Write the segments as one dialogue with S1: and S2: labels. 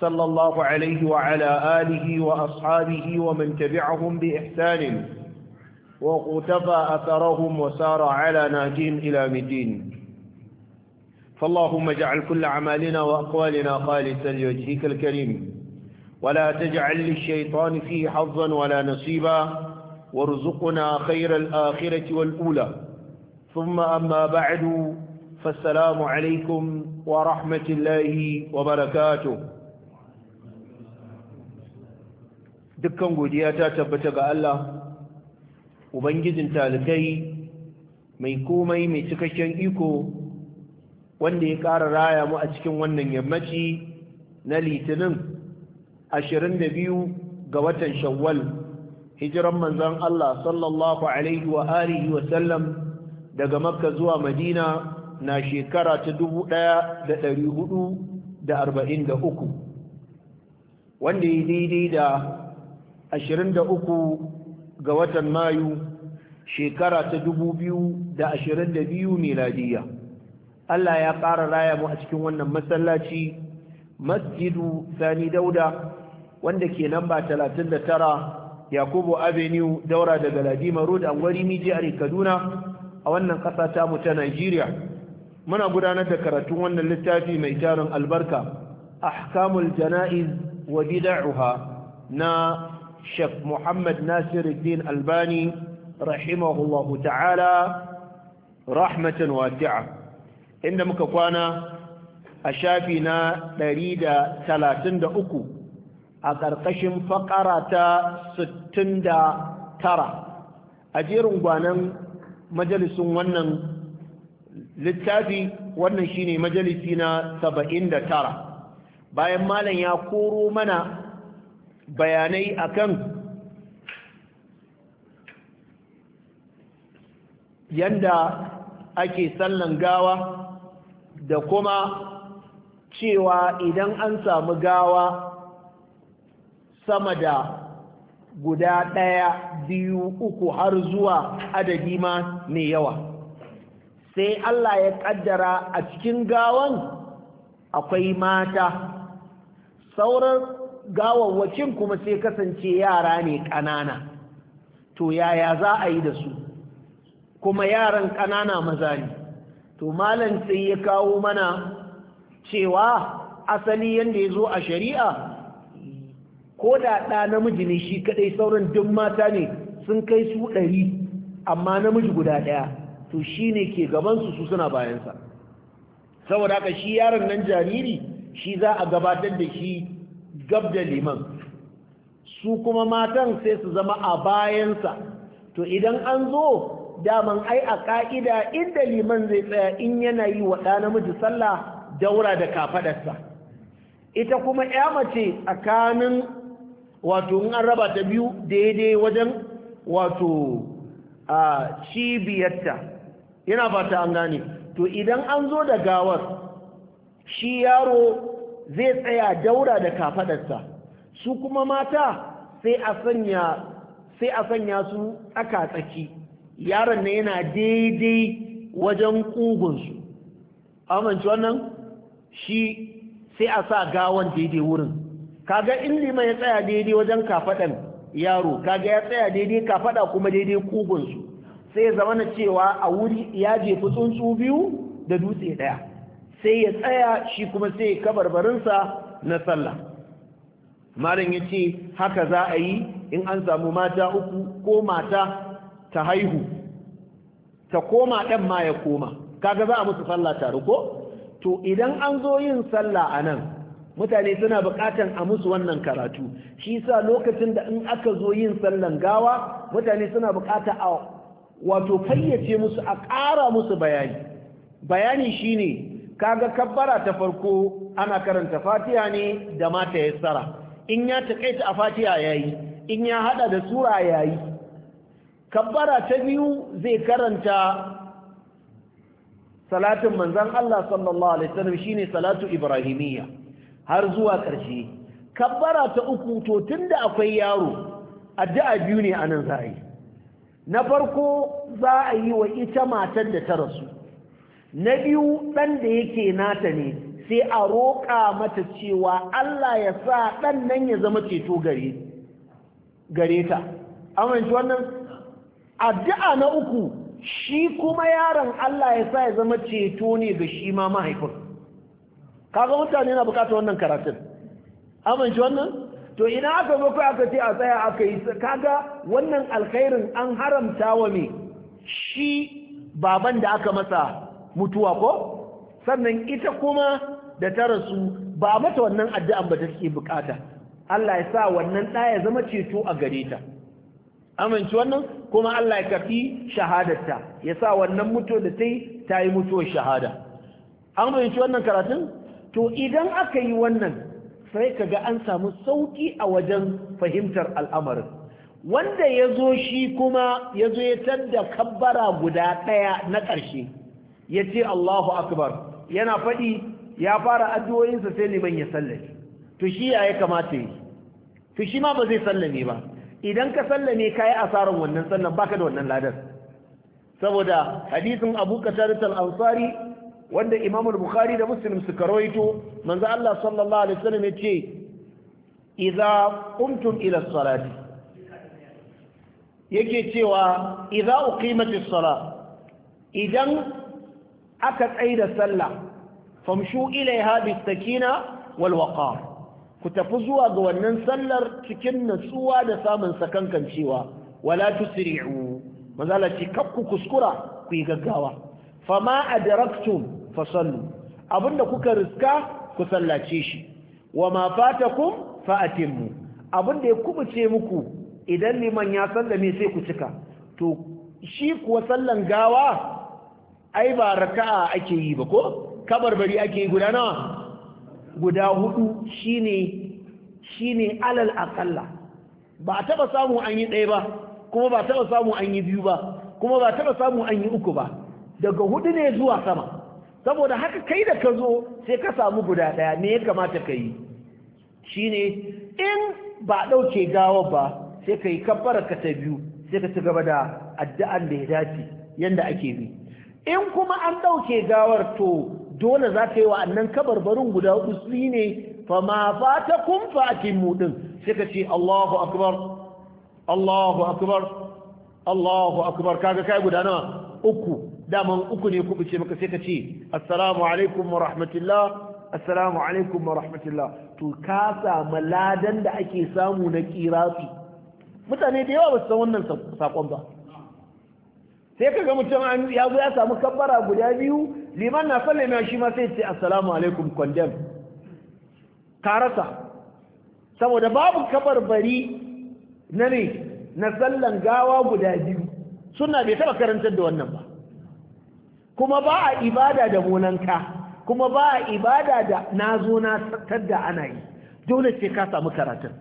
S1: صلى الله عليه وعلى آله وأصحابه ومن تبعهم بإحسان وقتفى أثرهم وسار على ناجين إلى مدين فاللهم اجعل كل عمالنا وأقوالنا خالصا لوجهك الكريم ولا تجعل للشيطان فيه حظا ولا نصيبا وارزقنا خير الآخرة والأولى ثم أما بعد فالسلام عليكم ورحمة الله وبركاته dukkan godiya ta tabbata ga Allah ubangijin talibai mai komai mai cikakken iko wanda ya ƙara raya mu a cikin wannan yammaci na litinin 22 ga watan shawwal hijiran manzon Allah sallallahu alaihi wa alihi wa sallam daga makka zuwa madina na shekara ta dubu ɗaya da ɗari hudu da arba'in da uku wanda ya daidai da 23 ga watan mayu shekara ta 2022 miladiya Allah ya ƙara raya mu a cikin wannan masallaci masjidu sani dauda wanda ke namba 39 yakubu avenue daura daga ladima road angwari mijiyar kaduna a wannan ƙasa tamu ta nigeria muna gudanar da karatun wannan littafi mai tarin albarka ahkamul jana'iz wa bid'uha na Sheikh Muhammad Nasiruddin Albani rahimahullahu ta'ala rahmatan wasi'a inda muka kwana a shafi na 133 a ƙarƙashin faƙara ta 69 a jerin gwanan majalisun wannan littafi wannan shine majalisi na tara. bayan malam ya koro mana bayanai akan yadda ake sallan gawa da kuma cewa idan an samu gawa sama da guda ɗaya biyu uku har zuwa adadi ma mai yawa sai Allah ya ƙaddara a cikin gawan akwai mata sauran gawawwacin kuma sai kasance yara ne ƙanana to yaya za a yi da su kuma yaran ƙanana maza ne to malam sai ya kawo mana cewa asali yadda ya zo a shari'a ko da ɗa namiji ne shi kaɗai sauran duk mata ne sun kai su ɗari amma namiji guda ɗaya to shi ne ke gabansu su suna bayansa saboda haka shi yaron nan jariri shi za a gabatar da shi gab da liman su kuma matan sai su zama a bayansa to idan an zo daman ai a ka'ida inda liman zai tsaya in yana yi wa ɗa namiji sallah daura da kafaɗarsa ita kuma ya mace tsakanin wato in an raba ta biyu daidai wajen wato a cibiyarta yana fata an gane to idan an zo da gawar shi yaro zai tsaya daura da kafadarsa su kuma mata sai a sanya su tsaka tsaki yaron na yana daidai wajen ƙugunsu amince wannan shi sai a sa gawan daidai wurin kaga in liman ya tsaya daidai wajen kafaɗan yaro kaga ya tsaya daidai kafaɗa kuma daidai ƙugunsu sai ya zama na cewa a wuri ya jefi tsuntsu biyu da dutse ɗaya sai ya tsaya shi kuma sai ya kabarbarinsa na sallah malam ya ce haka za a yi in an samu mata uku ko mata ta haihu ta koma ɗan ma ya koma kaga za a musu sallah tare ko to idan an zo yin sallah a nan mutane suna buƙatan a musu wannan karatu shi sa lokacin da in aka zo yin sallan gawa mutane suna buƙata a wato fayyace musu a ƙara musu bayani bayani shine kaga kabbara ta farko ana karanta fatiha ne da mata yassara in ya taƙaita a fatiha yayi in ya haɗa da sura yayi kabbara ta biyu zai karanta salatin manzon Allah sallallahu alaihi wasallam shine salatu ibrahimiyya har zuwa ƙarshe kabbara ta uku to tunda akwai yaro addu'a biyu ne anan za a na farko za a yi wa ita matar da ta rasu na biyu ɗan da yake nata ne sai a roƙa mata cewa Allah ya sa ɗan nan ya zama ceto gare gare ta amince wannan addu'a na uku shi kuma yaron Allah ya sa ya zama ceto ne ga shi ma mahaifin kaga mutane na bukatar wannan karatun amince wannan to ina aka zo kai aka ce a tsaya aka yi kaga wannan alkhairin an haramta wa me shi baban da aka masa mutuwa ko sannan ita kuma da ta rasu ba mata wannan addu'an ba ta ke bukata Allah ya sa wannan ɗa ya zama ceto a gare ta amince wannan kuma Allah ya kafi shahadarta ya sa wannan mutu da ta yi ta yi mutuwar shahada amince wannan karatun to idan aka yi wannan sai kaga an samu sauƙi a wajen fahimtar al'amarin wanda ya zo shi kuma ya zo ya tadda kabbara guda ɗaya na ƙarshe ya ce Allahu akbar yana faɗi ya fara addu'o'insa sai liman ya sallame to shi ya yi kamata yi to shi ma ba zai sallame ba idan ka sallame ka yi asarar wannan sallan baka da wannan ladar saboda hadisin abu katarat al-ansari wanda imam al-bukhari da muslim suka rawaito manzo Allah sallallahu alaihi wasallam ya ce idza qumtum ila salati yake cewa idza uqimatis salat idan aka tsaida sallah famshu ilaiha bistakina wal waqar ku tafi zuwa ga wannan sallar cikin natsuwa da samun sakankancewa wala tusri'u mazala ce kakku kuskura ku yi gaggawa fama adraktum fasallu abinda kuka riska ku sallace shi wa ma fatakum fa atimmu abinda ya kubuce muku idan liman ya sallame sai ku cika to shi kuwa sallan gawa ai ba raka'a ake yi ba ko kabarbari ake yi guda nawa guda hudu shine shine alal aqalla ba taba samu an yi ɗaya ba kuma ba taba samu an yi biyu ba kuma ba taba samu an yi uku ba daga hudu ne zuwa sama saboda haka kai da ka zo sai ka samu guda ɗaya me ya kamata ka yi shine in ba ɗauke gawar ba sai ka yi kabbara ka ta biyu sai ka ci gaba da addu'an da ya dace yadda ake bi in kuma an ɗauke gawar to dole za ta yi wa wa'annan kabarbarin guda usli ne fa ma fa ta kumfa kun fatin ɗin? sai ka ce Allahu akbar Allahu akbar Allahu akbar kaga kai guda nawa uku daman uku ne ku ce maka sai ka ce assalamu alaikum wa rahmatullah assalamu alaikum wa rahmatullah to ka samu ladan da ake samu na kirafi mutane da yawa ba su san wannan saƙon ba sai ka ga mutum an ya zo ya samu kabbara guda biyu liman na mai shi ma sai ce assalamu alaikum condemn ka rasa saboda babu kabar bari na ne na sallan gawa guda biyu suna bai taba karantar da wannan ba kuma ba a ibada da monanka kuma ba a ibada da na zo na sattar da ana yi dole ce ka samu karatun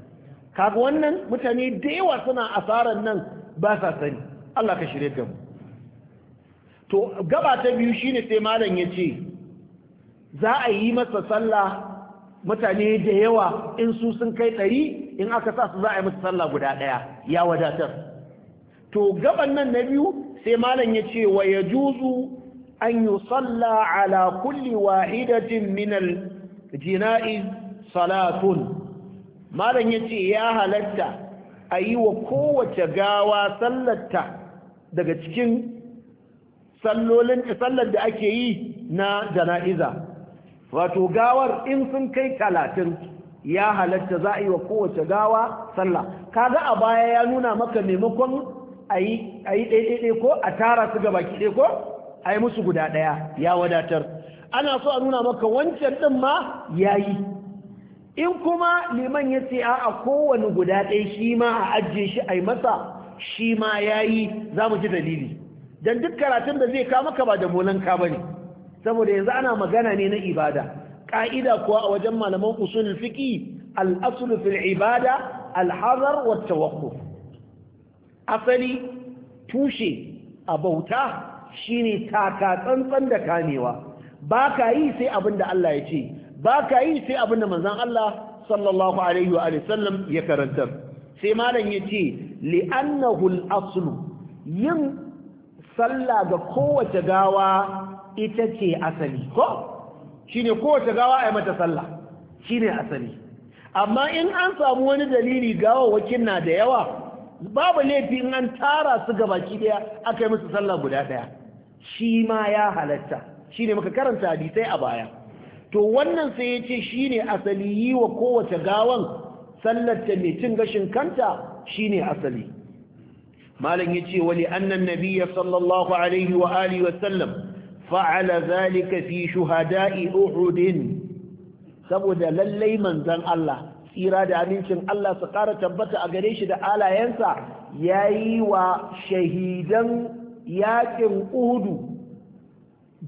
S1: kaga wannan mutane da yawa suna asarar nan ba sa sani Allah ka shirye da mu to gaba ta biyu shine sai malam ya ce za a yi masa sallah mutane da yawa in su sun kai ɗari in aka sa su za a yi masa sallah guda ɗaya ya wadatar to gaban nan na biyu sai malam ya ce wa ya juzu an yi salla ala kulli wahidatin minal jina'i salatun malam ya ce ya halatta a yi wa kowace gawa sallarta daga cikin sallolin sallar da ake yi na jana'iza wato gawar in sun kai talatin ya halatta za a yi wa kowace gawa sallah kaga a baya ya nuna maka maimakon a yi ɗaiɗaiɗai ko a tara su gaba ki ko a yi musu guda ɗaya ya wadatar ana so a nuna maka wancan ɗin ma ya yi in kuma liman ya ce a kowane guda ɗaya shi ma a ajiye shi a yi masa shi ma ya yi za mu ji dalili dan duk karatun da zai ka maka ba da molanka bane saboda yanzu ana magana ne na ibada ka'ida kuwa a wajen malaman usulul fiqi al-aslu fil ibada al-hazar tawakkuf asali tushe a bauta shine taka tsantsan da kamewa ba ka yi sai abin da Allah ya ce ba ka yi sai abin da manzon Allah sallallahu alaihi wa sallam ya karantar sai malam ya ce li'annahu al-aslu yin sallah ga kowace gawa ita ce asali ko shine kowace gawa ai mata sallah shine asali amma in an samu wani dalili wakin na da yawa babu laifi in an tara su ga baki daya aka yi musu sallah guda daya shi ma ya halatta shine muka karanta hadisai a baya to wannan sai ya ce shine asali yi wa kowace gawan sallar ta mai cin gashin kanta shine asali malam yace wani annan nabiyya sallallahu alaihi wa alihi wa fa'ala zalika fi shuhada'i uhud saboda lallai manzon Allah tsira da amincin Allah su ƙara tabbata a gare shi da alayensa ya yi wa shahidan yaƙin uhudu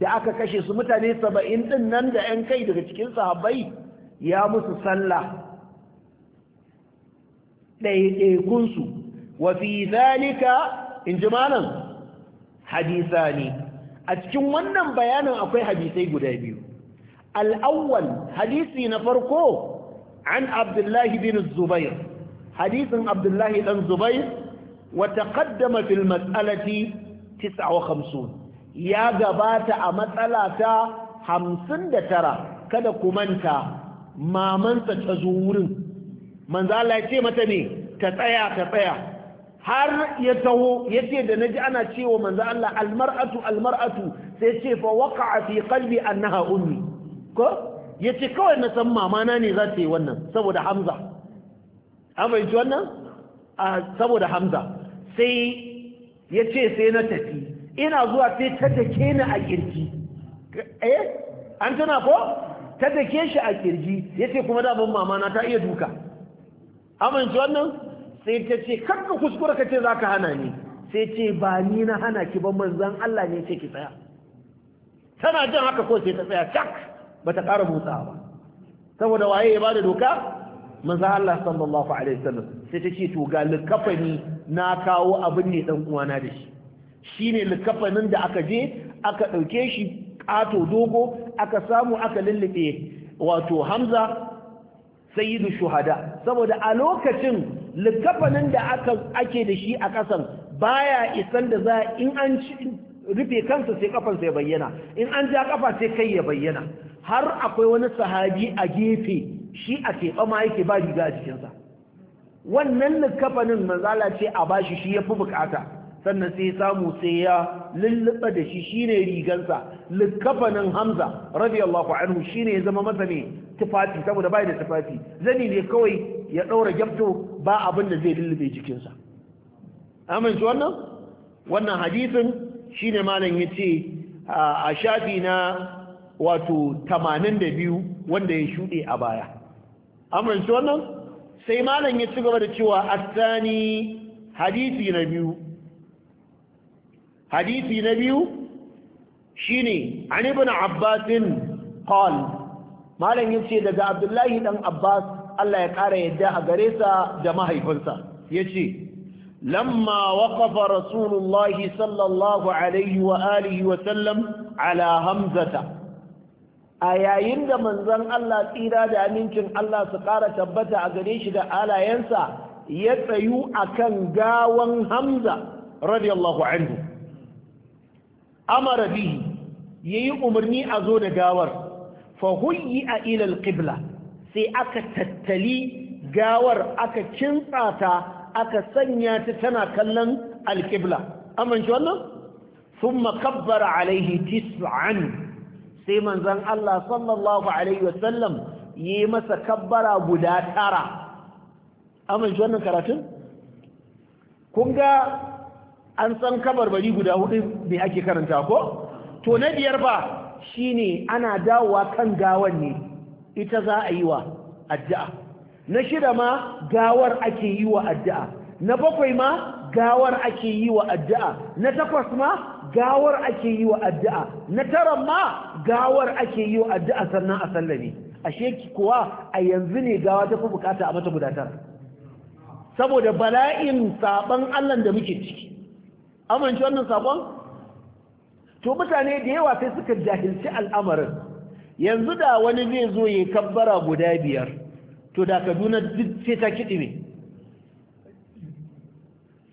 S1: da aka kashe su mutane saba'in ɗin nan da 'yan kai daga cikin sahabbai ya musu sallah ɗaiɗaikunsu wafi zalika in ji malam hadisa ne a cikin wannan bayanin akwai hadisai guda biyu al'awwal hadisi na farko an abdullahi bin zubair hadisin abdullahi dan zubair wata kaddama fil matsalati 59 ya gabata a matsala ta hamsin da tara, kada ku manta mamansa ta zuwurin manzala ya ce mata ne ta tsaya ta tsaya har ya taho yace da naji ana cewa manzo Allah almar'atu almar'atu sai ce fa waqa'a fi qalbi annaha ummi ko yace kawai na san mama na ne za ta yi wannan saboda Hamza amma yace wannan a saboda Hamza sai yace sai na tafi ina zuwa sai ta take ni a kirji eh an tana ko ta take shi a kirji yace kuma da ban mama na ta iya duka amince wannan sai ta ce ka kuskura ka ce za ka hana ni sai ce ba ni na hana ki ba manzan Allah ne ce ki tsaya tana jin haka ko sai ta tsaya cak ba ta ƙara motsa ba saboda waye ya bada doka manzan Allah sallallahu alaihi wasallam sai ta ce to ga likafani na kawo abin ne dan uwana da shi shine likafanin da aka je aka ɗauke shi ƙato dogo aka samu aka lullube wato hamza sayyidu shuhada saboda a lokacin likafanin da aka ake da shi a kasan baya isan da za in an rufe kansa sai kafansa ya bayyana in an ja kafa sai kai ya bayyana har akwai wani sahabi a gefe shi a keɓa ma yake ba riga a jikinsa wannan likafanin manzala ce a bashi shi ya fi bukata sannan sai samu sai ya lulluɓa da shi shine rigansa likafanin hamza radiyallahu anhu shine ya zama masa ne tufafi saboda bai da tufafi zani ne kawai ya ɗaura gyamto ba abin da zai lullube jikinsa amin shi wannan wannan hadisin shine malam ya ce a shafi na wato 82 wanda ya shuɗe a baya amin shi wannan sai malam ya ci gaba da cewa asani hadisi na biyu hadisi na biyu shine an ibn abbas qal malam yace daga abdullahi dan abbas Allah ya kara yadda a gare sa da mahaifinsa yace lamma waqafa rasulullah sallallahu alaihi wa alihi wa sallam ala hamzata a yayin da manzon Allah tsira da amincin Allah su ƙara tabbata a gare shi da alayensa ya tsayu akan gawan Hamza radiyallahu anhu amara bihi yayi umarni a zo da gawar fa a ilal kibla sai aka tattali gawar aka kintsata aka sanya ta tana kallon alqibla aman shi wannan thumma kabbara alaihi tis'an sai manzon Allah sallallahu alaihi wasallam yi masa kabbara guda tara aman wannan karatun kun ga an san kabarbari guda hudu ne ake karanta ko to na biyar ba shine ana dawowa kan gawar ne ita za a yi wa addu'a na shida ma gawar ake yi wa addu'a na bakwai ma gawar ake yi wa addu'a na takwas ma gawar ake yi wa addu'a na tara ma gawar ake yi wa addu'a sannan a sallame ashe kuwa a yanzu ne gawa ta fi bukata a mata gudatar saboda bala'in saban Allah da muke ciki amince wannan sakon to mutane da yawa sai suka jahilci al'amarin yanzu da wani zai zo ya kabbara guda biyar to da kaduna duk sai ta kiɗi ne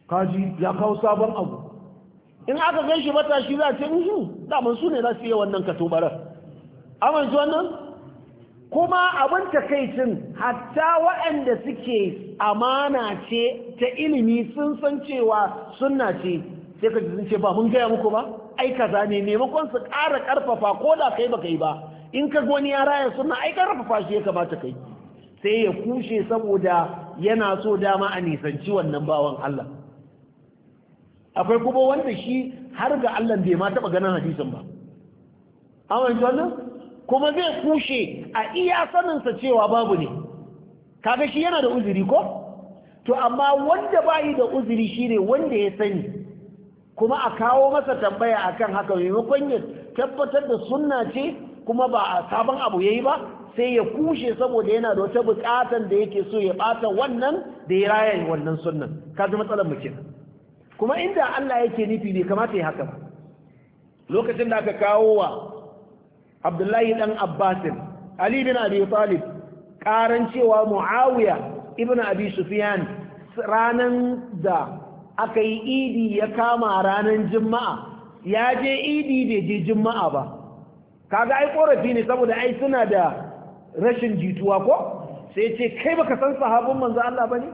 S1: kaji ya kawo sabon abu in aka gan shi matashi za a ce musu daman su ne za su yi wannan katobarar amince wannan kuma abin takaicin hatta waɗanda suke amana ce ta ilimi sun san cewa sunna ce sai ka sun ce ba mun gaya muku ba ai kaza ne maimakon su ƙara ƙarfafa ko da kai baka yi ba in ka wani ya raya suna ai ƙarfafa shi ya kamata kai sai ya kushe saboda yana so dama a nisanci wannan bawan Allah akwai kuma wanda shi har ga Allah bai ma taɓa ganin hadisin ba amma wannan kuma zai kushe a iya saninsa cewa babu ne kaga shi yana da uzuri ko to amma wanda bayi da uzuri shine wanda ya sani kuma a kawo masa tambaya akan haka maimakon ya tabbatar da sunna ce kuma ba a sabon abu ya yi ba sai ya kushe saboda yana da wata bukatan da yake so ya bata wannan da ya raya wannan sunnan kaji matsalar mu kuma inda Allah yake nufi bai kamata ya haka ba lokacin da aka kawo wa Abdullahi dan Abbasin Ali bin Abi Talib karan cewa Muawiya ibn Abi Sufiyan, ranan da aka yi idi ya kama ranar juma'a ya je idi bai je juma'a ba kaga ai korafi ne saboda ai suna da rashin jituwa ko sai ce kai baka san sahabin manzo Allah bane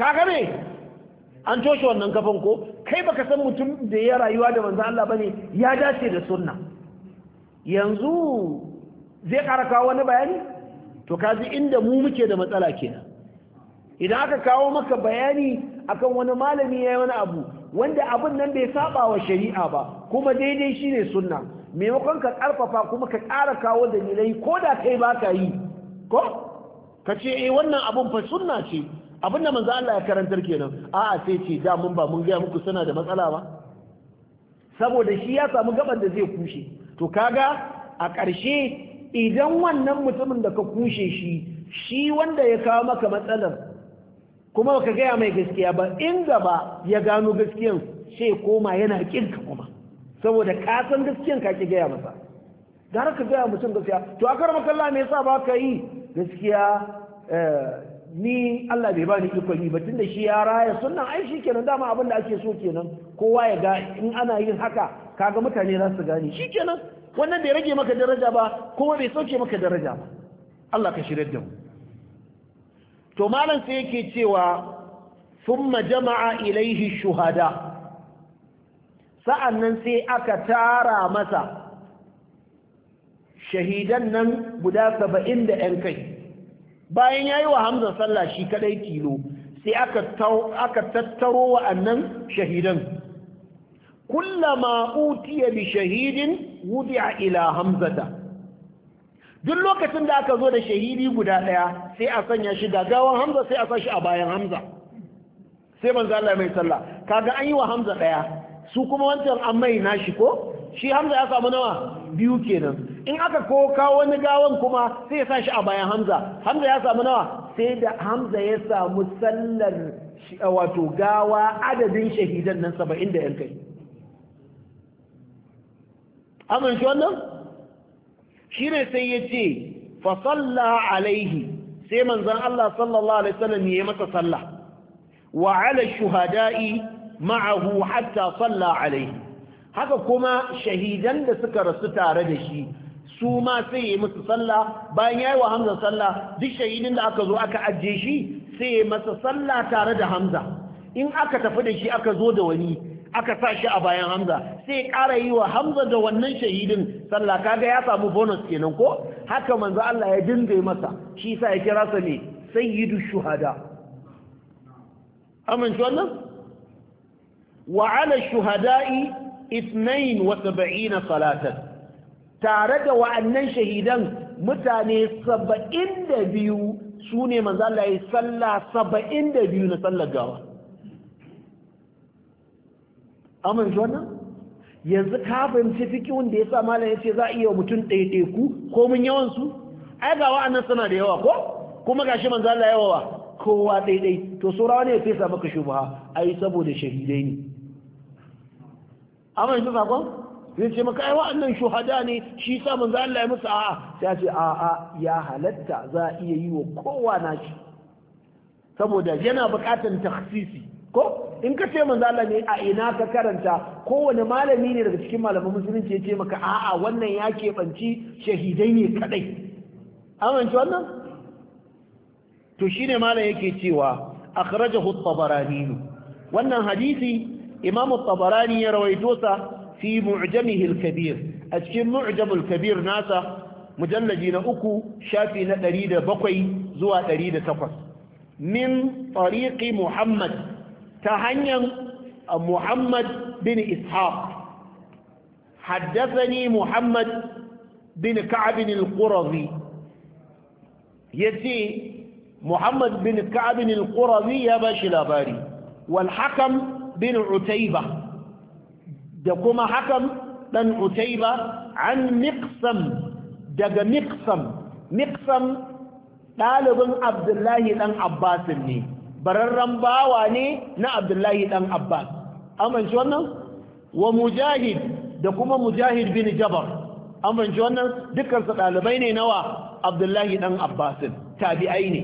S1: kaga ne an toshe wannan kafan ko kai baka san mutum da ya rayuwa da manzo Allah bane ya dace da sunna yanzu zai kara kawo wani bayani to kaji inda mu muke da matsala kenan idan aka kawo maka bayani akan wani malami ya yi wani abu wanda abun nan bai saba wa shari'a ba kuma daidai shi ne sunna maimakon ka karfafa kuma ka kara kawo dalilai ko da kai ba ka yi ko ka ce eh wannan abun fa sunna ce abin da manzo Allah ya karantar kenan a'a sai ce da mun ba mun ga muku suna da matsala ba saboda shi ya samu gaban da zai kushe to kaga a ƙarshe idan wannan mutumin da ka kushe shi shi wanda ya kawo maka matsalar kuma ka gaya mai gaskiya ba in gaba ya gano gaskiyan sai koma yana kinka kuma saboda ka gaskiyan ka ki gaya masa gara ka gaya mutum gaskiya to a karama kalla me yasa ba ka yi gaskiya eh, ni Allah bai bani ikon yi ba tunda shi ya raya sunnan ai shi kenan dama abin da ake so kenan kowa ya ga in ana yin haka kaga mutane za su gane shi kenan wannan bai rage maka daraja ba kuma bai sauke maka daraja ba Allah ka shirye da mu to malam sai yake cewa summa jama'a ilaihi shuhada sa'annan sai aka tara masa shahidan nan guda saba'in da ‘yan kai bayan ya yi wa hamza sallah shi kadai kilo sai aka tattaro wa'annan shahidan kullama utiya bi shahidin wudi'a ila hamzata duk lokacin da aka zo da shahidi guda ɗaya sai a sanya shi gagawan hamza sai a a bayan hamza sai manzo Allah mai sallah kaga an yi wa hamza ɗaya su kuma wancan an mai nashi ko shi hamza ya samu nawa biyu kenan in aka ko kawo wani gawan kuma sai ya shi a bayan hamza hamza ya samu nawa sai da hamza ya samu sallar wato gawa adadin shahidan nan 70 da yan kai amince wannan shine sai ya ce fa alaihi sai manzon Allah sallallahu alaihi wasallam ya masa sallah wa ala shuhada'i ma'ahu hatta salla alaihi haka kuma shahidan da suka rasu tare da shi su ma sai yi masa sallah bayan yayi wa Hamza sallah duk shahidin da aka zo aka ajiye shi sai masa sallah tare da Hamza in aka tafi da shi aka zo da wani aka sa shi a bayan hamza sai ƙara yi wa hamza da wannan shahidin sallah kaga ya samu bonus kenan ko haka manzo Allah ya dinga masa shi sa ya kira sa ne sayyidu shuhada amin shi wannan wa ala shuhada'i 72 salatan tare da wa'annan shahidan mutane biyu su ne manzo Allah ya sallah biyu na sallar gawa amince wannan yanzu ka fahimci wanda da ya sa malam ya ce za a iya mutum ku? ko mun yawansu ai ga wa'annan suna da yawa ko kuma gashi manzo Allah yawa wa kowa ɗaiɗai to sura ne ya fesa maka shubha ai saboda shahidai ne amma yanzu sakon zai ce maka ai wa'annan shuhada ne shi sa manzo Allah ya musu a'a ya ce a'a ya halatta za a iya yi wa kowa nashi saboda yana buƙatar takhsisi ko in ka ce manzo Allah ne a ina ka karanta kowane malami ne daga cikin malaman musulunci ya ce maka a'a wannan ya keɓanci shahidai ne kadai amince wannan to shine malam yake cewa akhrajahu at-tabarani wannan hadisi imam at-tabarani ya rawaito sa fi mu'jamihi al-kabir a cikin mu'jam al-kabir nasa mujallaji na uku shafi na 107 zuwa 108 min tariqi muhammad ta hanyar uh, muhammad bin ishaq ni muhammad bin ka'abin al-qurazi yace muhammad bin ka'abin al-qurazi ya bashi labari wal hakam bin utaiba da kuma hakam dan utaiba an miqsam daga miqsam miqsam ɗalibin abdullahi ɗan abbasin ne bararren bawa ne na abdullahi dan abbas amince wannan wa mujahid da kuma mujahid bin jabar amince wannan dukansu ɗalibai ne nawa abdullahi dan abbasin tabi'ai ne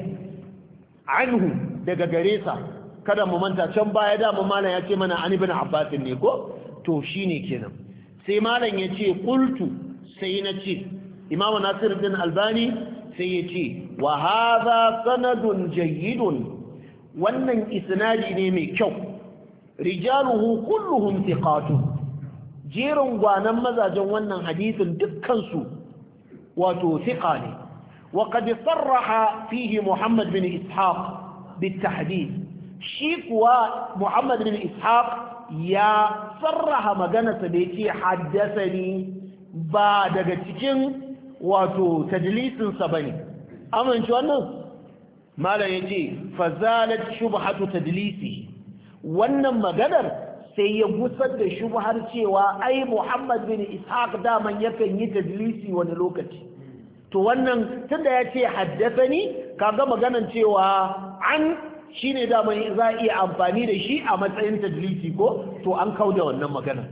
S1: anhu daga gare sa kada mu manta can baya da mu malam ya ce mana an ibn abbasin ne ko to shine kenan sai malam ya ce qultu sai na ce imamu nasiruddin albani sai ya ce wa hadha sanadun jayyidun wannan isnadi ne mai kyau rijaluhu kulluhum thiqatu jerin gwanan mazajen wannan hadisin dukkansu su wato thiqa ne wa qad sarraha fihi Muhammad bin Ishaq bitahdid shi kuwa Muhammad bin Ishaq ya sarraha maganarsa da haddasa haddasani ba daga cikin wato tadlisinsa bane amince wannan malam yace fazalat shubhatu tadlisi wannan maganar sai ya gusar da shubhar cewa ai Muhammad bin Ishaq daman yakan yi tadlisi wani lokaci to wannan tunda yace haddathani kaga maganar cewa an shine daman za iya amfani da shi a matsayin tadlisi ko to an kauda wannan maganar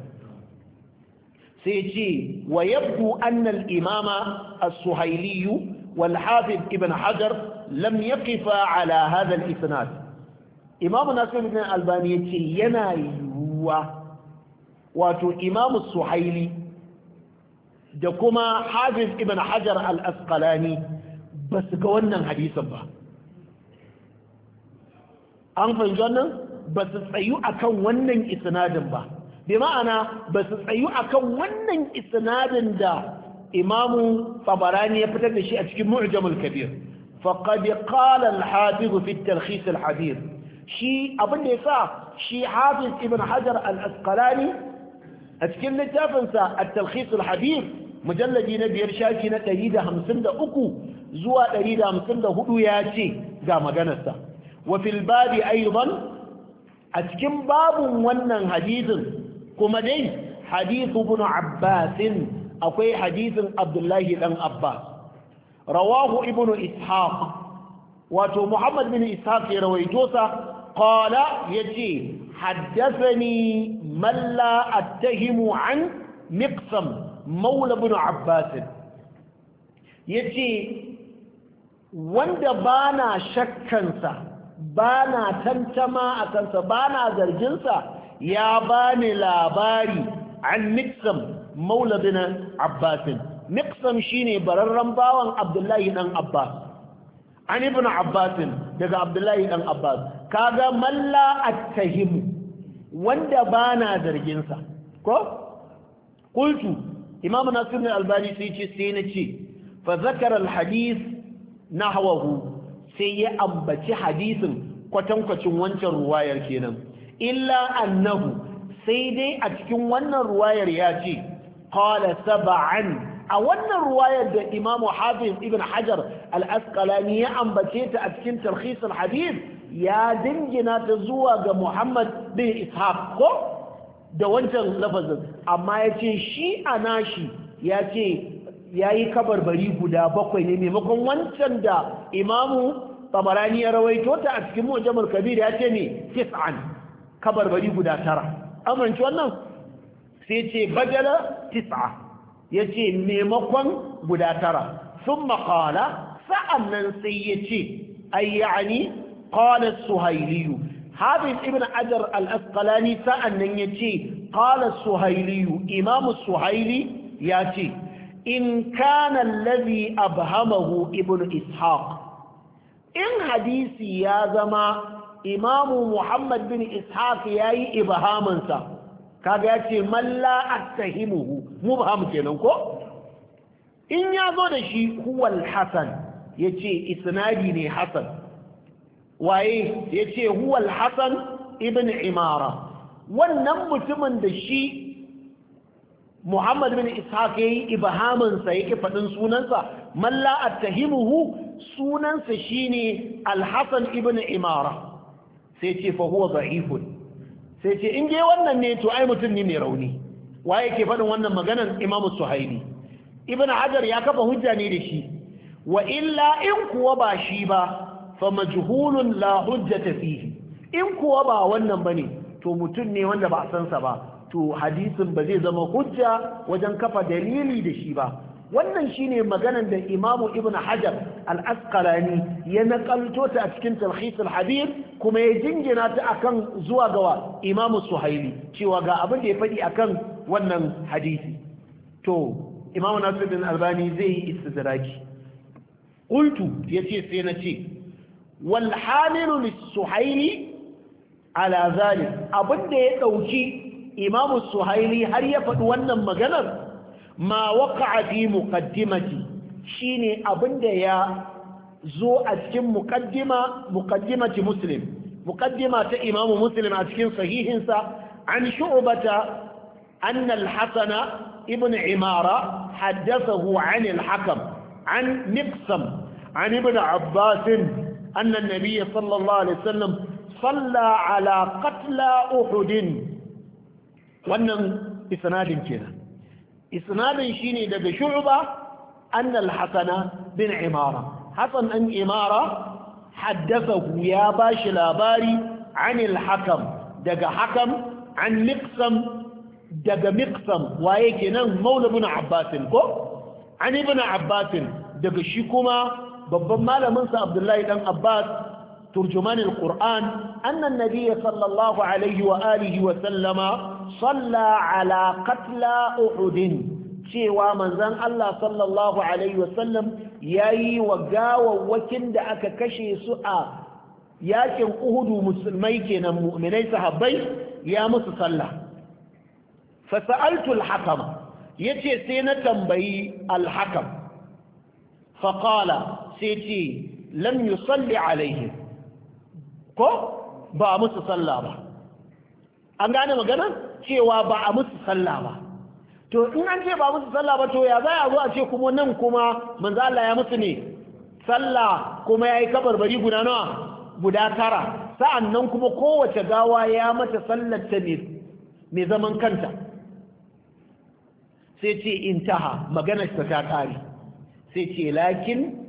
S1: sai ce wa yabdu annal imama as-suhailiyu والحافظ ابن حجر لم يقف على هذا الإسناد إمام ناصر بن الألباني ينا يوا واتو إمام السحيلي دكما حافظ ابن حجر الأسقلاني بس قولنا حديثا با أنفن جنة بس تسعيو أكون ونن إسنادا با bi ma'ana ba su tsayu akan wannan isnadin da imamu tabarani ya fitar da shi a cikin mu'jamul kabir faqad qala al-hafiz fi at-talkhis al-hadith shi abin da yasa shi hafiz ibn hajar al-asqalani a cikin littafin sa at-talkhis al-hadith mujalladi na biyar shafi na 153 zuwa 154 ya ce ga maganarsa wa fil babi a cikin babun wannan hadisin kuma dai hadithu ibn abbasin akwai hadisin abdullahi dan abbas rawahu ibnu ishaq wato muhammad bin ishaq ya rawaito sa qala yace haddathani man la attahimu an miqsam maula ibn abbas yace wanda bana shakkansa bana tantama kansa bana zarginsa ya bani labari an miqsam maula bin abbasin miqsam shine bararren bawan abdullahi dan abbas an ibn abbasin daga abdullahi dan abbas kaga malla attahim wanda bana zargin sa ko qultu imam nasir bin albani sai ce sai na ce fa zakara alhadith nahwahu sai ya ambaci hadisin kwatankwacin wancan ruwayar kenan illa annahu sai dai a cikin wannan ruwayar ya ce qala saba'an a wannan ruwayar da Imam Hafiz Ibn Hajar al-Asqalani ya ambace ta a cikin tarhis al-hadith ya dingina ta zuwa ga Muhammad bin Ishaq ko da wancan lafazin amma yace shi anashi yace yayi kabarbari guda bakwai ne maimakon wancan da Imam Tabarani ya rawaito ta a cikin Mu'jamul Kabir yace ne tis'an kabarbari guda tara amince wannan sai ce bajala tis'a ya ce maimakon guda tara sun makala sa'annan sai ya ce ayyani kala suhailiyu habib ibn al al'asqalani sa'annan ya ce kala suhailiyu imamu suhaili ya ce in kana lazi abhamahu ibn ishaq in hadisi ya zama imamu muhammad bin ishaq ya yi ibhamansa kaga ya ce malla attahimuhu mu kenan ko in ya zo da shi huwal hasan ya ce isnadi ne hasan waye ya ce huwal hasan ibn imara wannan mutumin da shi Muhammad bin Ishaq yayi yi ibahaminsa ya faɗin sunansa, malla attahimuhu sunansa shine Alhassan ibn Imara, sai ce fa huwa za'ifun. sai ce in je wannan ne to ai mutum ne mai rauni wa yake faɗin wannan maganar imam suhaili ibn hajar ya kafa hujja ne da shi wa illa in kuwa ba shi ba fa majhulun la hujjata fihi in kuwa ba wannan bane to mutum ne wanda ba a san sa ba to hadisin ba zai zama hujja wajen kafa dalili da shi ba wannan shine maganan da imamu ibn hajar al-asqalani ya nakalto ta a cikin talhis al-habir kuma ya jingina ta akan zuwa gawa imamu suhaili cewa ga abin da ya faɗi akan wannan hadisi to imamu bin albani zai yi istidraki qultu yace sai na ce wal hamilu lis-suhaili ala zalik abin da ya dauki imamu suhaili har ya faɗi wannan maganar ma waqa'a fi muqaddimati shine abinda ya zo a cikin muqaddima muqaddimati muslim muqaddima ta imamu muslim a cikin sahihinsa an shu'bata anna al ibn imara haddathahu an al-hakam an miqsam an ibn abbas anna an-nabiy sallallahu alaihi wasallam صلى على قتلى أحد wannan isnadin kenan isnadin shine daga shu'ba annal al-hasana bin imara hasan an imara haddathahu ya bashi labari an al-hakam daga hakam an miqsam daga miqsam waye kenan maula ibn abbas ko an ibn abbas daga shi kuma babban malamin sa abdullahi dan abbas turjuman al-qur'an anna an-nabiy sallallahu alaihi wa wa salla ala qatla uhud cewa manzon Allah sallallahu alaihi wasallam yayi wa gawawwakin da aka kashe su a yakin uhudu musulmai kenan mu'minai sahabbai ya musu salla. fasa'altul hakam Ya ce yace sai na tambayi alhakam. hakam sai ce lam yusalli alaihim ko ba musu sallah ba an gane maganar cewa ba a musu sallah ba to in an ce ba musu sallah ba to ya za a zo a ce kuma nan kuma manzo Allah ya musu ne sallah kuma yayi kabarbari guda nawa guda tara sa'annan kuma kowace gawa ya mata sallar ta ne mai zaman kanta sai ce intaha maganar ta ta kare sai ce lakin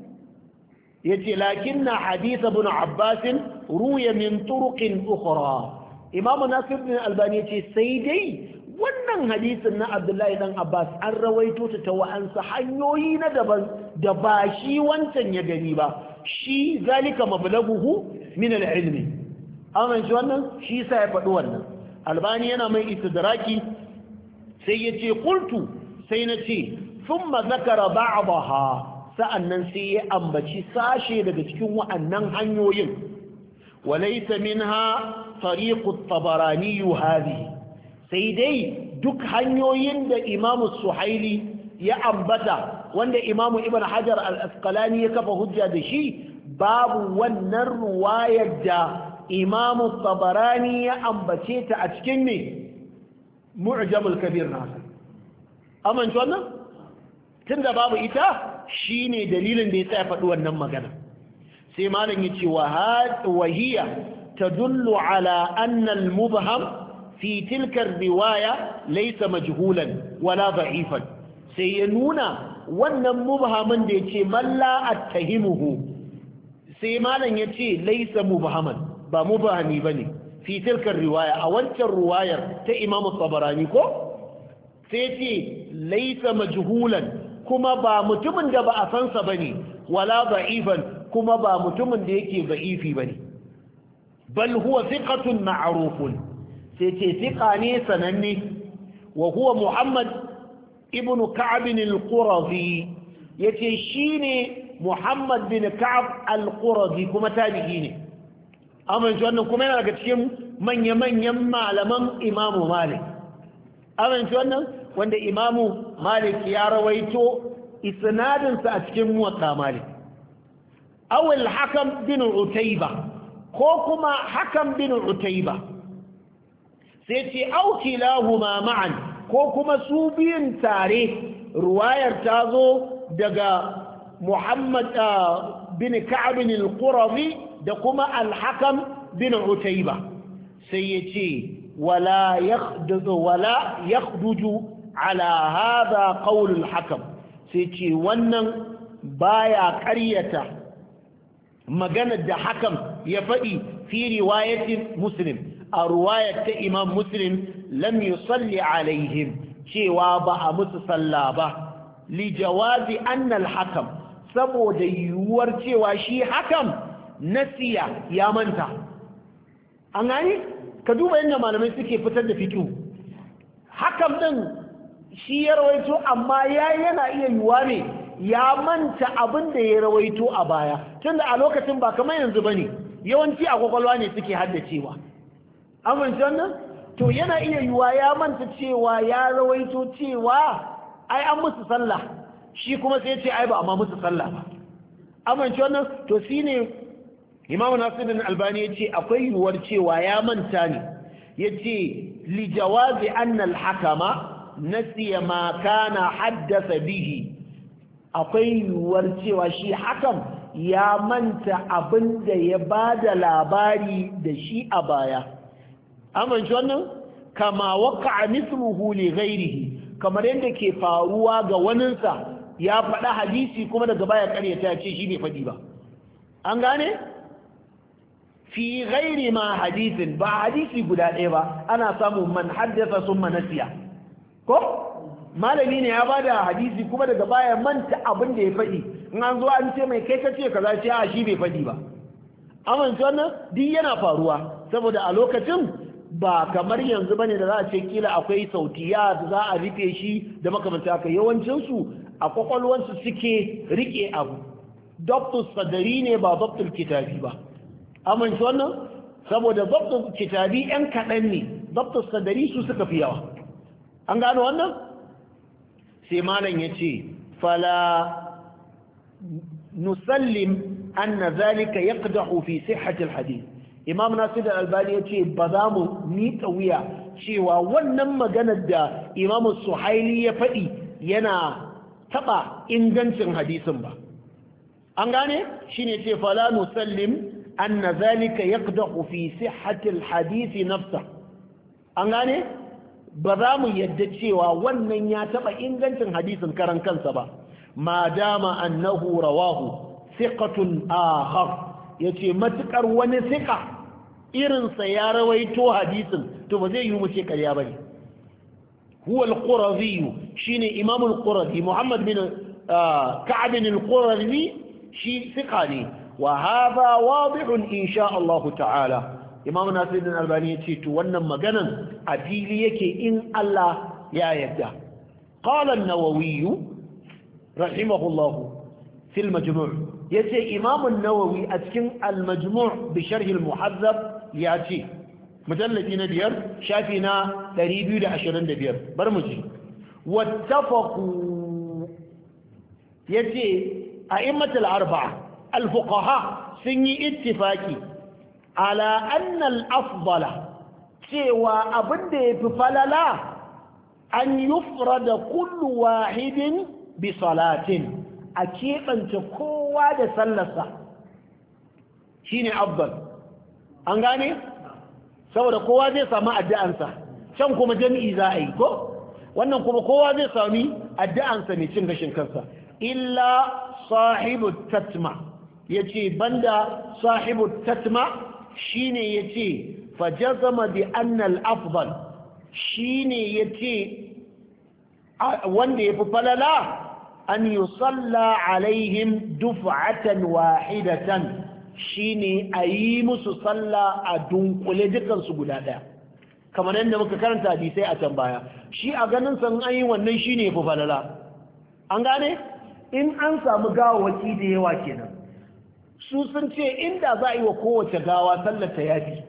S1: na lakinna hadith ibn abbas ruya min turuqin ukhra imamu nasir bin albani ce sai dai wannan hadisin na abdullahi dan abbas an rawaito ta ta wa'ansa hanyoyi na daban da ba shi wancan ya gani ba shi zalika mablaguhu min al-ilmi amma shi wannan shi sa ya faɗi wannan albani yana mai istidraki sai ya ce qultu sai na ce thumma zakara ba'daha sa'annan sai ya ambaci sashe daga cikin wa'annan hanyoyin walaita min ha tariƙut tabaraniyu sai dai duk hanyoyin da imamu suhaili ya ambata wanda imamu ibn hajar al-asqalani ya kafa hujja da shi babu wannan ruwayar da imamu tabarani ya ambace ta a cikin ne mu'jamul kabir na amince wannan tunda babu ita shine dalilin da ya tsaya faɗi wannan magana sai malam yace wa had wahiya ala anna mubham fi riwaya laysa majhulan wala da'ifan sai ya nuna wannan mubhaman da yace malla attahimuhu sai malam yace laysa mubhaman ba mubhami bane fi tilka riwaya a wancan riwayar ta Imam Tabarani ko sai ce laysa majhulan kuma ba mutumin da ba a sansa bane wala da'ifan kuma ba mutumin da yake ba'ifi ne. bal huwa thiqatun ma'rufun sai ce ne sananne wa huwa muhammad ibnu Ka'abin al ce yace ne muhammad bin ka'ab al-qurazi kuma tabi'i ne amince wannan kuma yana daga cikin manya-manyan malaman imamu malik amince wannan wanda imamu malik ya rawaito isnadinsa a cikin muwatta malik awil hakan bin utaiba ko kuma hakan bin utaiba sai ce auki lahuma ma'an ko kuma su biyun tare ruwayar ta zo daga muhammad bin ka'abin al-qurazi da kuma al-hakam bin utaiba sai ya ce wala yakhduju ala hadha qawl al-hakam sai ce wannan baya ƙaryata maganar da hakan ya faɗi fi riwayatin muslim a ruwayar ta imam muslim lam yusalli alaihim cewa ba a musu sallah ba li jawazi annal hakam saboda yiwuwar cewa shi hakan nasiya ya manta an gani ka duba yadda malamai suke fitar da fiƙi hakan din shi ya rawaito amma ya yana iya yiwuwa ne ya manta abin da ya rawaito a baya tunda a lokacin ba kamar yanzu bane yawanci a kwakwalwa ne suke haddacewa amince wannan to yana iya yiwa ya manta cewa ya rawaito cewa ai an musu sallah shi kuma sai ce ai ba amma musu sallah ba amince wannan to shine Imam Nasiruddin Albani yace akwai yiwuwar cewa ya manta ne yace li jawazi anna al-hakama nasiya ma kana haddasa bihi akwai yiwuwar cewa shi hakan ya manta abin da ya ba da labari da shi a baya amince wannan kama waka a misluhu li ghairihi kamar yadda ke faruwa ga waninsa ya faɗa hadisi kuma daga baya karyata ce shi bai faɗi ba an gane fi ghairi ma hadisin ba hadisi guda ɗaya ba ana samun man haddasa sun manasiya ko malami ne ya bada hadisi kuma daga baya manta abin da ya faɗi in an zo an ce mai kai ka za ce a shi bai faɗi ba amince wannan duk yana faruwa saboda a lokacin ba kamar yanzu bane da za a ce kila akwai sautiya da za a rufe shi da makamanta ka yawancin su a su suke rike abu dabtu sadari ne ba dabtul kitabi ba amince wannan saboda dabtul kitabi yan kaɗan ne dabtu sadari su suka fi yawa an gano wannan sai malam ya ce fala nusallim anna zalika yaqdahu fi sihhati alhadith imam nasir al-albani ya ce ba za mu ni wuya cewa wannan maganar da imam suhaili ya faɗi yana taɓa ingancin hadisin ba an gane shine ce fala nusallim anna zalika yaqdahu fi sihhati nafsa an gane ba za mu yadda cewa wannan ya taɓa ingancin hadisin karan kansa ba ma dama annahu rawahu siqatun ahar ce matukar wani siƙa irinsa ya rawaito hadisin to ba zai yi mu ce ƙarya bane huwa al-qurazi shine imam al muhammad bin ah, ka'ab al shi siƙa ne wa hadha wadih in Allah ta'ala imamu nasiruddin albani ya ce to wannan maganan a fili yake in Allah ya yarda qala an-nawawi rahimahullah fi al-majmu' yace nawawi a cikin al bi sharh muhazzab ya ce mujalladi na biyar shafi na 225 bar mu ji wattafaqu yace a'immatul arba'a al-fuqaha sun yi ittifaki ala annal afdala cewa abin da ya fi falala an yufra da kullu wahidin bi salatin a keɓance kowa da sallarsa ne afdal an gane saboda kowa zai samu addu'ansa can kuma jami'i za a yi ko wannan kuma kowa zai sami addu'ansa ne cin gashin kansa illa sahibu tatma ya yace banda sahibu tatma Shi shine yace fajazama annal anna shi afdal ya yace wanda yafi falala an yusalla alaihim duf'atan wahidatan a yi musu salla a dunkule dukansu guda daya kamar yadda muka karanta hadisai a can baya shi a ganin san yi wannan shine yafi falala an gane in an samu gawawaki da yawa kenan su sun ce inda za a yi wa kowace gawa sallata yafi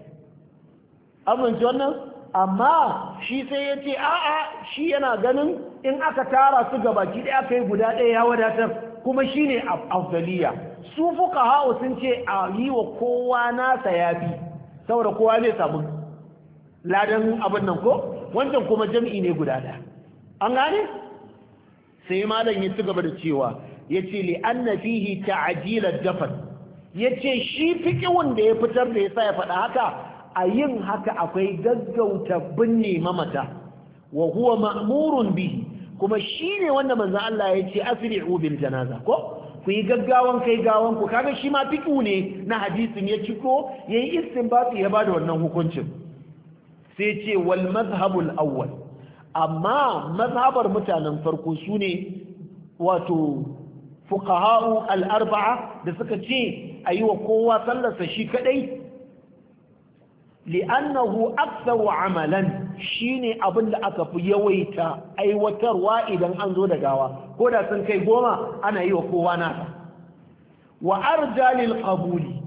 S1: amince wannan amma shi sai ya ce a'a shi yana ganin in aka tara su gabaki ɗaya kai guda ɗaya ya wadatar kuma shi ne afdaliya su fuka ha'u sun ce a yi wa kowa nasa yafi saboda kowa zai samu ladan abin nan ko wancan kuma jam'i ne guda ɗaya an gane sai malam ya ci gaba da cewa ya ce na fihi ta'ajilar dafan ya ce shi fikiwun da ya fitar da ya sa ya faɗa haka a yin haka akwai gaggauta binne mamata wa huwa ma'murun Bi. kuma shi ne wanda manzan Allah ya ce asiri ubin janaza ko ku yi gaggawan kai gawan ku kaga shi ma fiƙi ne na hadisin ya ciko yayi su ya ba da wannan hukuncin sai ce wal mazhabul awwal amma mazhabar mutanen farko su ne wato fuqaha'u al-arba'a da suka ce ayiwa wa kowa sallarsa shi kadai li'annahu aktsaru amalan shine abin da aka fi yawaita aiwatarwa idan an zo da gawa ko da sun kai goma ana yi wa kowa nasa wa arja lil qabuli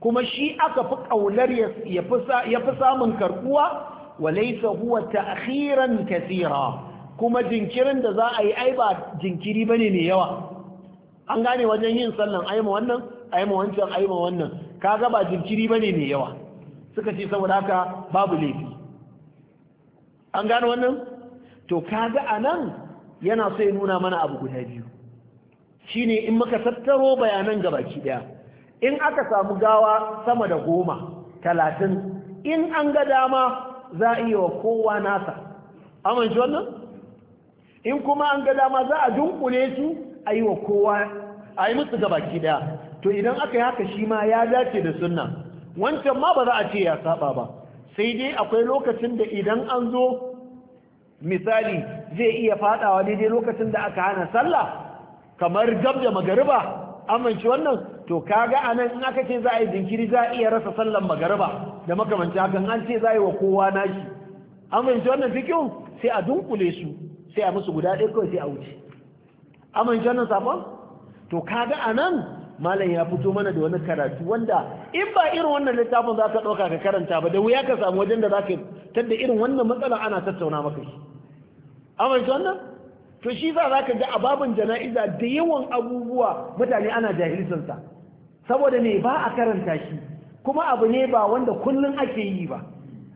S1: kuma shi aka fi kaular ya fi samun karkuwa wa laysa huwa ta'khiran kathira kuma jinkirin da za a yi ai ba jinkiri bane mai yawa an gane wajen yin sallan aima wannan aima wancan aima wannan ka gaba jinkiri ba ne yawa suka ce saboda haka babu laifi an gane wannan to kaga anan yana so ya nuna mana abu guda biyu shine in muka tattaro bayanan gabaki daya in aka samu gawa sama da goma talatin in an ga dama za a iya wa kowa nasa amince wannan in kuma an ga dama za a dunkule su a yi wa kowa a yi musu gabaki daya to idan aka yi haka shi ma ya dace da sunna wancan ma ba za a ce ya saba ba sai dai akwai lokacin da idan an zo misali zai iya fadawa daidai lokacin da aka hana sallah kamar gab da magariba amince wannan to kaga anan in aka ce za a yi jinkiri za a iya rasa sallan magariba da makamanci hakan an ce za a yi wa kowa nashi amince wannan fikin sai a dunkule su sai a musu guda ɗaya kawai sai a wuce amince wannan safon to kaga anan malam ya fito mana da wani karatu wanda in ba irin wannan littafin za ka ɗauka ka karanta ba da wuya ka samu wajen da za ka tadda irin wannan matsala ana tattauna maka shi amince wannan to shi za za ka ga a jana'iza da yawan abubuwa mutane ana sa saboda ne ba a karanta shi kuma abu ne ba wanda kullum ake yi ba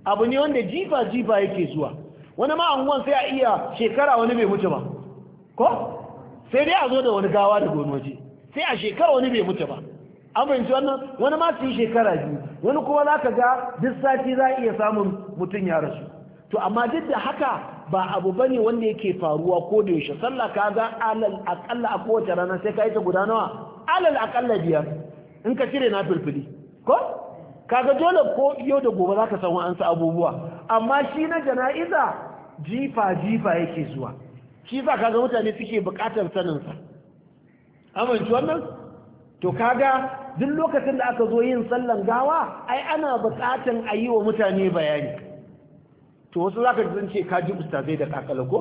S1: abu ne wanda jifa jifa yake zuwa wani ma anguwan sai a iya shekara wani bai mutu ba ko sai dai a zo da wani gawa da gona waje sai a shekara wani bai mutu ba an fahimci wannan wani ma su yi shekara biyu wani kuma za ka ga duk sati za a iya samun mutum ya rasu to amma duk da haka ba abu ba ne wanda yake faruwa ko da yaushe sallah ka ga alal akalla a kowace rana sai ka yi ta guda nawa alal akalla biyar in ka cire na filfili ko kaga dole ko yau da gobe za ka san wa'ansu abubuwa amma shi na jana'iza jifa jifa yake zuwa shi sa kaga mutane suke bukatar saninsa amince wannan to kaga duk lokacin da aka zo yin sallan gawa ai ana bukatan a yi wa mutane bayani to wasu za ka zance ka ji ustazai da kakala ko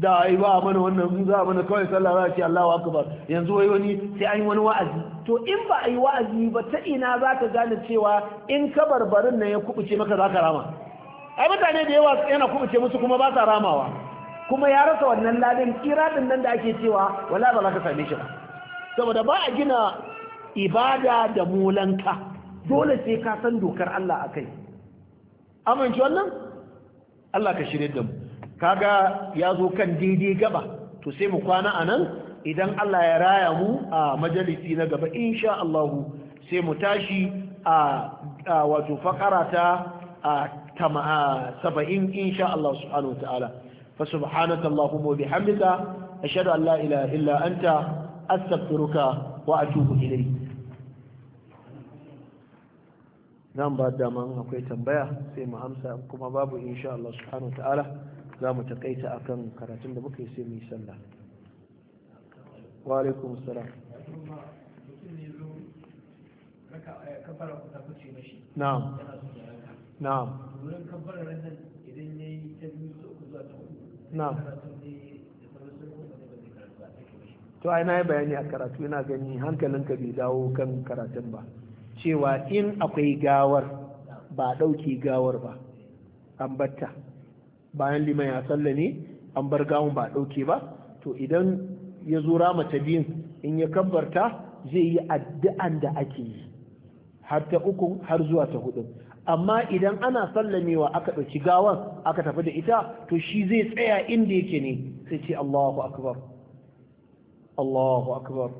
S1: da ai ba mana wannan in za mana kawai sallah za a ce Allahu akbar yanzu wai wani sai an yi wani wa'azi to in ba a yi wa'azi ba ta ina za ka gane cewa in ka barbarin nan ya kubuce maka za ka rama ai mutane da yawa yana kubuce musu kuma ba sa ramawa kuma ya rasa wannan ladin kiradin nan da ake cewa wala ba za ka same shi ba saboda ba a gina ibada da mulanka. dole sai ka san dokar Allah kai. amince wannan Allah ka shirye da mu kaga ya zo kan daidai gaba to sai mu kwana anan idan Allah ya raya mu a majalisi na gaba insha Allah sai mu tashi a wato fakara ta 70 insha Allah subhanahu wa ta'ala فسبحانك اللهم وبحمدك أشهد أن لا إله إلا أنت أستغفرك وأتوب إليك نعم بعد ما نقول تنبيه سيما همسا كما بابو إن شاء الله سبحانه وتعالى لا متقيت أكن كراتين دبوك يسمي سلا وعليكم السلام نعم نعم na'am to ai na yi bayani a karatu yana gani hankalinka bai dawo kan karatun ba cewa in akwai gawar ba ɗauki gawar ba an batta bayan liman ya salla ne an bar gawun ba ɗauke ba to idan ya zura mace biyun in ya kabbarta zai yi addu'an da ake yi har ta uku har zuwa ta hudu amma idan ana sallamewa aka ɗauki gawan aka tafi da ita to shi zai tsaya inda yake ne sai ce Allahu akbar Allahu akbar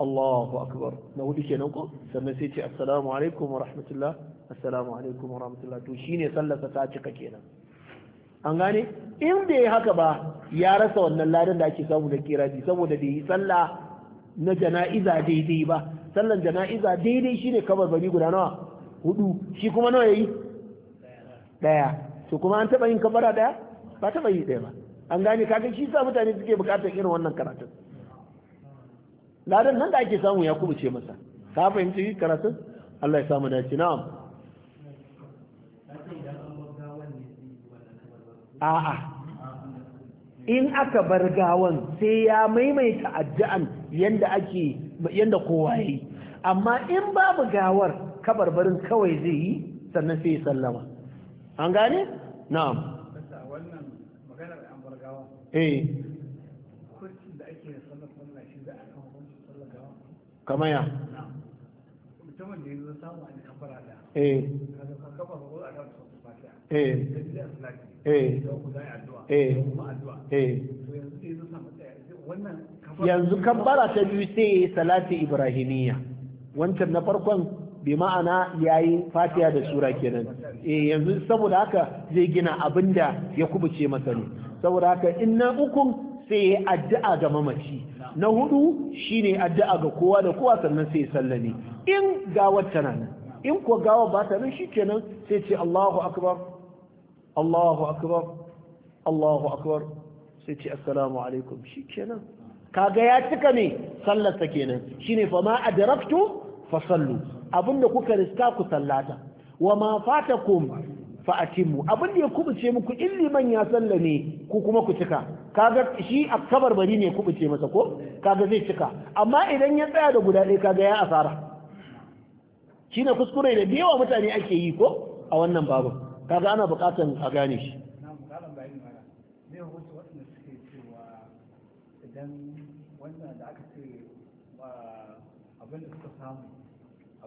S1: Allahu akbar na hudu kenan ko sannan sai ce assalamu alaikum wa rahmatullah assalamu alaikum wa rahmatullah to shine sallarsa ta cika kenan an gane in bai haka ba ya rasa wannan ladan da ake samu da kiraji saboda bai yi sallah na jana'iza daidai ba sallan jana'iza daidai shine kabarbari guda nawa hudu shi kuma nawa yayi daya to kuma an taba yin kabara daya ba taba yi daya ba an gane kaga shi sa mutane suke bukatar irin wannan karatun ladan nan da ake samu ya kubuce masa ka fahimci karatun Allah ya samu dace na'am a'a in aka bar gawan sai ya maimaita addu'an yanda ake yanda kowa yayi amma in babu gawar kabarbarin kawai zai yi sannan sai ya sallama an gane na'am yanzu kan bara ta biyu sai salati ibrahimiyya wancan na farkon bi ma'ana yayi fatiha da sura kenan eh yanzu saboda haka zai gina abinda ya kubuce masa ne saboda haka in na ukun sai ya addu'a ga mamaci na hudu shine addu'a ga kowa da kowa sannan sai sallame in gawar tana nan in ko gawa ba ta nan shikenan sai ce Allahu akbar Allahu akbar Allahu akbar sai ce assalamu alaikum shikenan kaga ya cika ne sallar ta kenan shine fa ma adraktu fa sallu abinda kuka riska ku sallata wa ma fatakum fa atimmu abinda ya kubuce muku illi man ya sallame ku kuma ku cika kaga shi a kabar bari ne kubuce masa ko kaga zai cika amma idan ya tsaya da guda ɗaya kaga ya asara shi ne kuskure da yawa mutane ake yi ko a wannan babu kaga ana buƙatar a gane shi wannan da aka ce abin da suka samu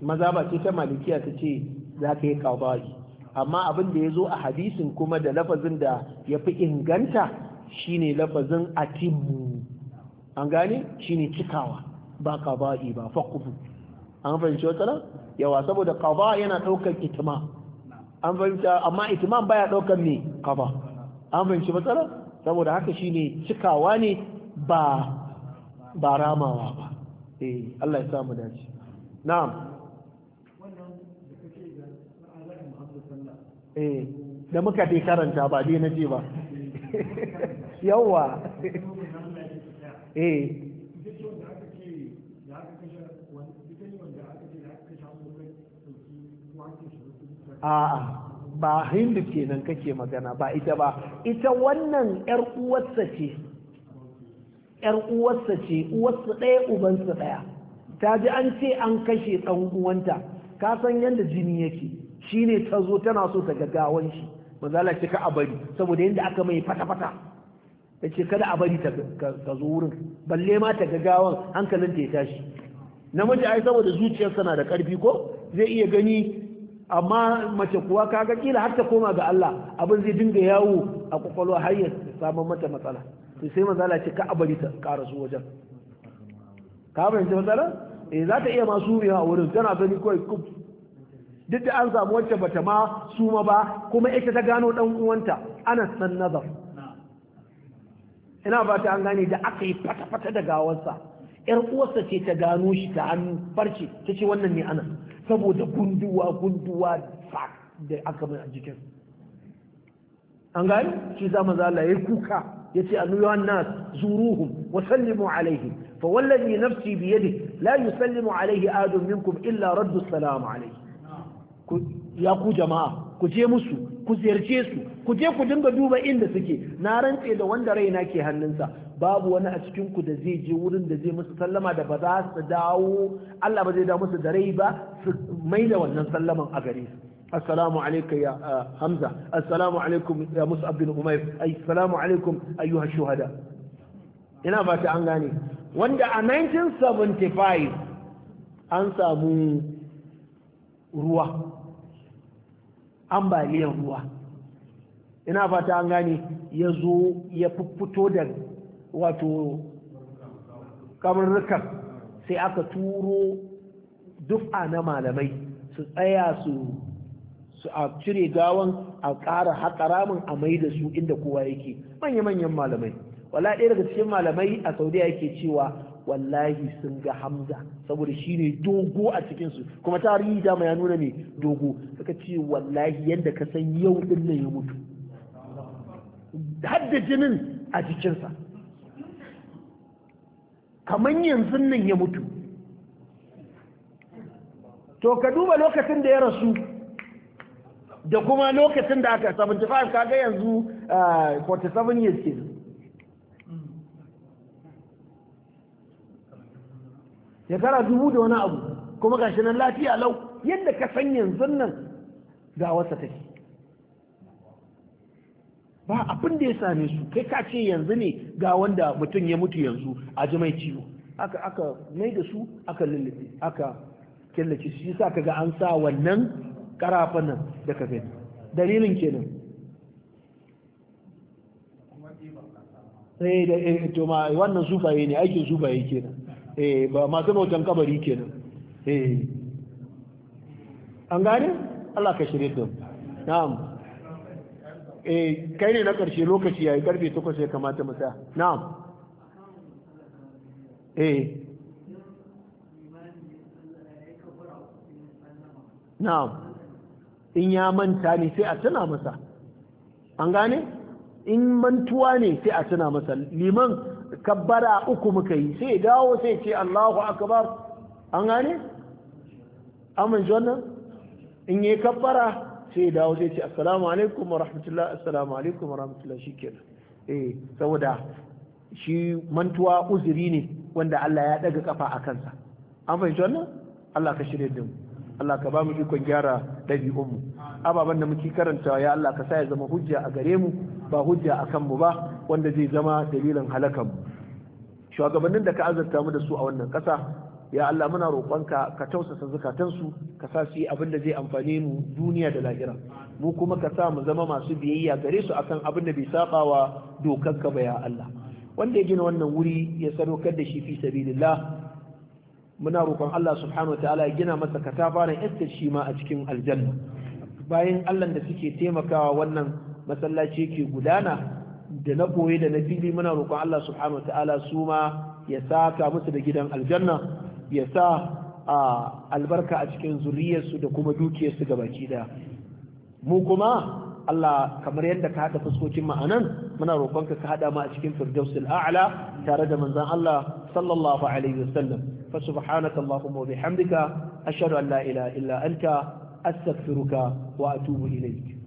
S1: maza ba ce ta malikiya ta ce za ka yi kawbayi amma abin da ya zo a hadisin kuma da lafazin da ya fi inganta shine lafazin atimmu an gane shine cikawa ba kawbayi ba fakufu an fahimci wata yawa saboda kawba yana ɗaukar itima an fahimta amma itimam baya ɗaukar ne kawba an fahimci matsala saboda haka shine cikawa ne ba ba ramawa ba eh Allah ya samu dace na'am Eh, da muka dai karanta ba dai na ce ba yawwa eh a'a ba hindu kenan kake magana ba ita ba ita wannan yar uwarsa ce yar uwarsa ce uwarsa ɗaya ubansa ɗaya ta ji an ce an kashe ɗan uwanta ka san yadda jini yake Shi ta zo tana so ta gaggawan shi manzala ce ka a bari saboda yadda aka mai fata-fata ta ce kada a bari ta zo wurin balle ma ta gaggawan hankalin ta ya tashi namiji ai saboda zuciyarsa na da karfi ko zai iya gani amma mace kuwa ga kila har ta koma ga Allah abin zai dinga yawo a kwakwalwa har ya samu mata matsala to sai manzala ce ka a bari ta ƙara su wajen ka fahimci matsala eh za ta iya masu a wurin tana gani kawai duk da an samu wacce bata ma suma ba kuma ita ta gano dan uwanta ana san nazar ina ba ta an gane da aka yi fata-fata da gawarsa yar uwarsa ce ta gano shi ta hannu farce ta ce wannan ne ana saboda gunduwa gunduwa da aka mai a jikin an gani shi za mu zala ya kuka ya ce annu yawan nas zuruhum wa sallimu alaihi fa wallazi nafsi biyadihi la yusallimu alaihi adun minkum illa raddu salamu alaihi ya ku jama'a ku je musu ku ziyarce su ku je ku dinga duba inda suke na rantse da wanda raina ke hannunsa babu wani a cikin ku da zai je wurin da zai musu sallama da ba za su dawo Allah ba zai dawo musu da rai ba su mai da wannan sallaman a gare su assalamu alaikum ya hamza assalamu alaikum ya مصعب بن أمير أي السلام عليكم أيها ina fata an gane wanda a 1975 an samu ruwa ambaliyan ruwa ina fata an gane ya zo ya fito da wato kamarrukan sai aka turo dufa na malamai su tsaya su a cire gawan a ƙara haƙaramin a mai da su inda kowa yake manya-manyan malamai wala ɗaya daga cikin malamai a saudiya yake cewa wallahi sun ga hamza saboda shi ne dogo a cikinsu kuma tarihi dama ya nuna ne dogo suka ce wallahi yadda ka san yau din nan ya mutu hadda jinin a jikinsa kamar yanzu nan ya mutu to ka duba lokacin da ya rasu da kuma lokacin da aka 75 kaga yanzu 47 ah, years ke shekara dubu da wani abu kuma gashi nan lafiya lau yadda ka san yanzu nan ga wasa take ba abin da ya same su kai ka ce yanzu ne ga wanda mutum ya mutu yanzu a ji mai ciwo aka aka mai da su aka lullube aka killace shi sa kaga an sa wannan karafa nan da ka gani dalilin kenan sai eh, da ita eh, ma wannan ne aikin sufaye kenan eh ba masu bautan kabari kenan eh an gane Allah ka shirye su na'am eh kai ne na karshe lokaci yayi karfe 8 sai kamata mu tsaya na'am eh na'am in ya manta ne sai a tana masa an gane in mantuwa ne sai a tana masa liman kabbara uku muka yi sai dawo sai ce Allahu akbar an gane amin wannan in yi kabbara sai dawo sai ce assalamu alaikum wa rahmatullahi assalamu alaikum wa rahmatullah shikenan eh saboda shi mantuwa uzuri ne wanda Allah ya daga kafa a kansa an fahimci wannan Allah ka shirye da mu Allah ka ba mu ikon gyara ɗabi'unmu ababen da muke karanta ya Allah ka sa ya zama hujja a gare mu ba hujja a mu ba wanda zai zama dalilin halakan shugabannin da ka azurta mu da su a wannan ƙasa ya Allah muna roƙonka ka tausasa zukatansu ka sa su yi abin da zai amfane mu duniya da lahira mu kuma ka sa mu zama masu biyayya gare su akan abin da bai saba wa ka ba ya Allah wanda ya gina wannan wuri ya sadaukar da shi fi sabilillah muna roƙon Allah subhanahu wa ya gina masa katafaren iskar shi ma a cikin aljanna bayan Allah da suke taimakawa wannan masallaci ke gudana da na boye da na fili muna roƙon Allah subhanahu ta'ala su ma ya saka musu da gidan aljanna ya sa albarka a cikin zuriyarsu da kuma dukiyarsu baki da mu kuma Allah kamar yadda ka haɗa fuskokin ma'anan muna roƙonka ka haɗa mu a cikin firdausul a'la tare da manzon Allah sallallahu alaihi wasallam fa subhanaka allahumma wa bihamdika ashhadu an la ilaha illa anta astaghfiruka wa atubu ilayk